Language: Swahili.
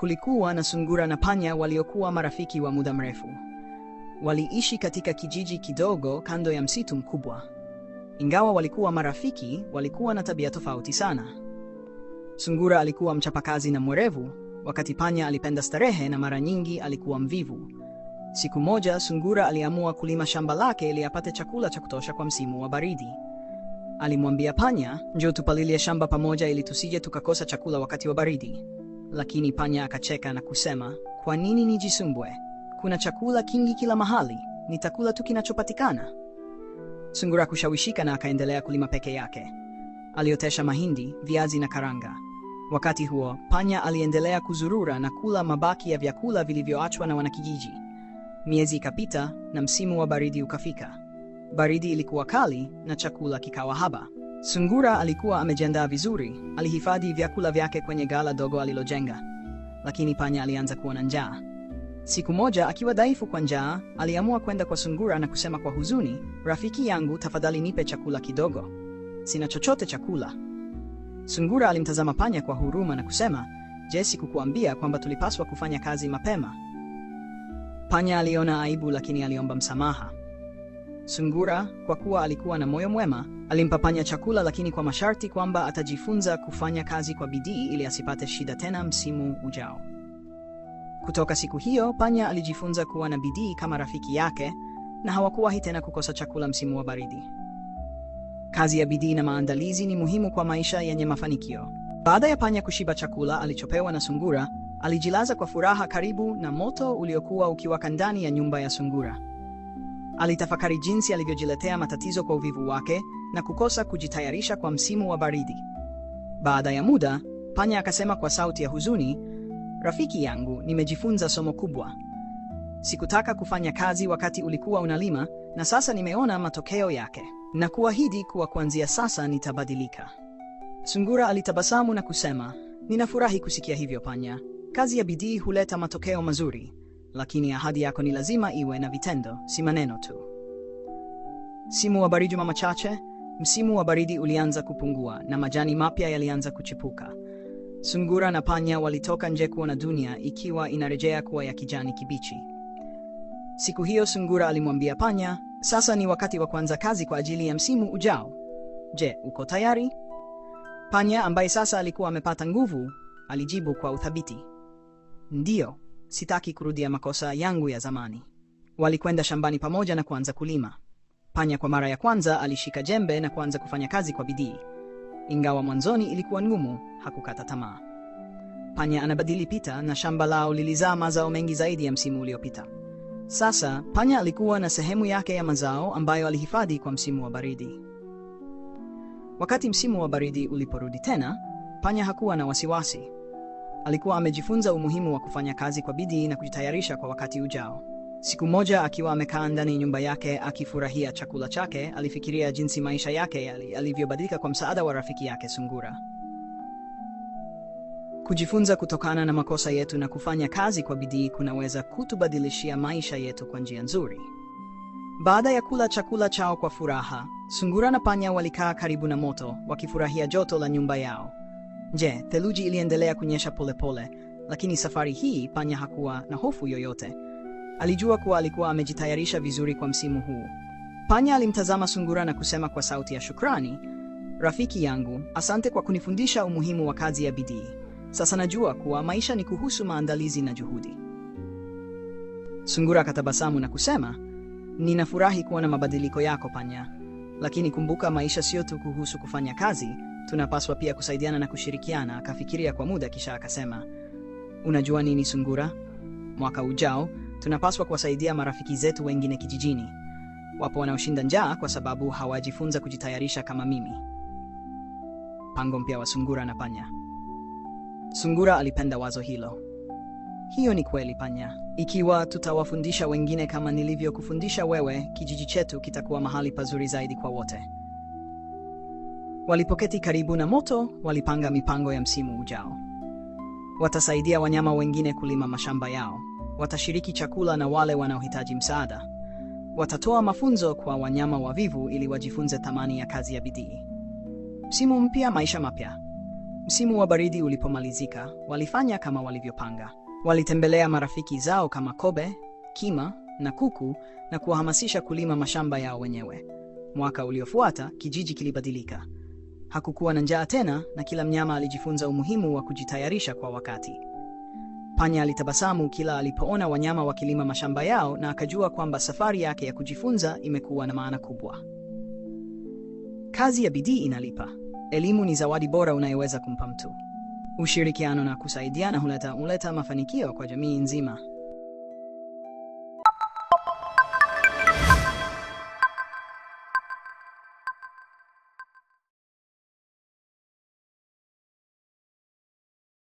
Kulikuwa na sungura na panya waliokuwa marafiki wa muda mrefu. Waliishi katika kijiji kidogo kando ya msitu mkubwa. Ingawa walikuwa marafiki, walikuwa na tabia tofauti sana. Sungura alikuwa mchapakazi na mwerevu, wakati panya alipenda starehe na mara nyingi alikuwa mvivu. Siku moja, sungura aliamua kulima shamba lake ili apate chakula cha kutosha kwa msimu wa baridi. Alimwambia panya, njoo tupalilie shamba pamoja ili tusije tukakosa chakula wakati wa baridi. Lakini panya akacheka na kusema, kwa nini nijisumbue? Kuna chakula kingi kila mahali, nitakula tu kinachopatikana. Sungura kushawishika na akaendelea kulima peke yake. Aliotesha mahindi, viazi na karanga. Wakati huo, panya aliendelea kuzurura na kula mabaki ya vyakula vilivyoachwa na wanakijiji. Miezi ikapita na msimu wa baridi ukafika. Baridi ilikuwa kali na chakula kikawa haba. Sungura alikuwa amejiandaa vizuri, alihifadhi vyakula vyake kwenye gala dogo alilojenga, lakini panya alianza kuona njaa. Siku moja, akiwa dhaifu kwa njaa, aliamua kwenda kwa sungura na kusema kwa huzuni, rafiki yangu, tafadhali nipe chakula kidogo, sina chochote cha kula. Sungura alimtazama panya kwa huruma na kusema, je, sikukuambia kwamba tulipaswa kufanya kazi mapema? Panya aliona aibu, lakini aliomba msamaha. Sungura, kwa kuwa alikuwa na moyo mwema, alimpapanya chakula, lakini kwa masharti kwamba atajifunza kufanya kazi kwa bidii ili asipate shida tena msimu ujao. Kutoka siku hiyo, panya alijifunza kuwa na bidii kama rafiki yake na hawakuwahi tena kukosa chakula msimu wa baridi. Kazi ya bidii na maandalizi ni muhimu kwa maisha yenye mafanikio. Baada ya panya kushiba chakula alichopewa na sungura, alijilaza kwa furaha karibu na moto uliokuwa ukiwaka ndani ya nyumba ya sungura. Alitafakari jinsi alivyojiletea matatizo kwa uvivu wake na kukosa kujitayarisha kwa msimu wa baridi. Baada ya muda, panya akasema kwa sauti ya huzuni, rafiki yangu, nimejifunza somo kubwa. Sikutaka kufanya kazi wakati ulikuwa unalima, na sasa nimeona matokeo yake, na kuahidi kuwa kuanzia sasa nitabadilika. Sungura alitabasamu na kusema, ninafurahi kusikia hivyo panya, kazi ya bidii huleta matokeo mazuri lakini ahadi yako ni lazima iwe na vitendo, si maneno tu. simu wa baridi juma machache, msimu wa baridi ulianza kupungua na majani mapya yalianza kuchipuka. Sungura na panya walitoka nje kuona dunia ikiwa inarejea kuwa ya kijani kibichi. Siku hiyo sungura alimwambia panya, sasa ni wakati wa kuanza kazi kwa ajili ya msimu ujao. Je, uko tayari? Panya ambaye sasa alikuwa amepata nguvu, alijibu kwa uthabiti, ndiyo. Sitaki kurudia makosa yangu ya zamani. Walikwenda shambani pamoja na kuanza kulima. Panya kwa mara ya kwanza alishika jembe na kuanza kufanya kazi kwa bidii. Ingawa mwanzoni ilikuwa ngumu, hakukata tamaa. Panya anabadili pita na shamba lao lilizaa mazao mengi zaidi ya msimu uliopita. Sasa panya alikuwa na sehemu yake ya mazao ambayo alihifadhi kwa msimu wa baridi. Wakati msimu wa baridi uliporudi tena, panya hakuwa na wasiwasi. Alikuwa amejifunza umuhimu wa kufanya kazi kwa bidii na kujitayarisha kwa wakati ujao. Siku moja akiwa amekaa ndani ya nyumba yake akifurahia chakula chake, alifikiria jinsi maisha yake yalivyobadilika kwa msaada wa rafiki yake Sungura. Kujifunza kutokana na makosa yetu na kufanya kazi kwa bidii kunaweza kutubadilishia maisha yetu kwa njia nzuri. Baada ya kula chakula chao kwa furaha, Sungura na Panya walikaa karibu na moto, wakifurahia joto la nyumba yao. Je, theluji iliendelea kunyesha polepole pole, lakini safari hii panya hakuwa na hofu yoyote. Alijua kuwa alikuwa amejitayarisha vizuri kwa msimu huu. Panya alimtazama sungura na kusema kwa sauti ya shukrani, rafiki yangu, asante kwa kunifundisha umuhimu wa kazi ya bidii. Sasa najua kuwa maisha ni kuhusu maandalizi na juhudi. Sungura akatabasamu na kusema, ninafurahi kuona mabadiliko yako panya, lakini kumbuka, maisha sio tu kuhusu kufanya kazi, tunapaswa pia kusaidiana na kushirikiana. Akafikiria kwa muda, kisha akasema, unajua nini Sungura, mwaka ujao tunapaswa kuwasaidia marafiki zetu wengine kijijini. Wapo wanaoshinda njaa kwa sababu hawajifunza kujitayarisha kama mimi. Mpango mpya wa Sungura na Panya. Sungura alipenda wazo hilo. Hiyo ni kweli, Panya. Ikiwa tutawafundisha wengine kama nilivyokufundisha wewe, kijiji chetu kitakuwa mahali pazuri zaidi kwa wote. Walipoketi karibu na moto, walipanga mipango ya msimu ujao. Watasaidia wanyama wengine kulima mashamba yao, watashiriki chakula na wale wanaohitaji msaada, watatoa mafunzo kwa wanyama wavivu ili wajifunze thamani ya kazi ya bidii. Msimu mpya, maisha mapya. Msimu wa baridi ulipomalizika, walifanya kama walivyopanga. Walitembelea marafiki zao kama kobe, kima na kuku na kuwahamasisha kulima mashamba yao wenyewe. Mwaka uliofuata kijiji kilibadilika. Hakukuwa na njaa tena na kila mnyama alijifunza umuhimu wa kujitayarisha kwa wakati. Panya alitabasamu kila alipoona wanyama wakilima mashamba yao na akajua kwamba safari yake ya kujifunza imekuwa na maana kubwa. Kazi ya bidii inalipa. Elimu ni zawadi bora unayoweza kumpa mtu. Ushirikiano na kusaidiana huleta huleta mafanikio kwa jamii nzima.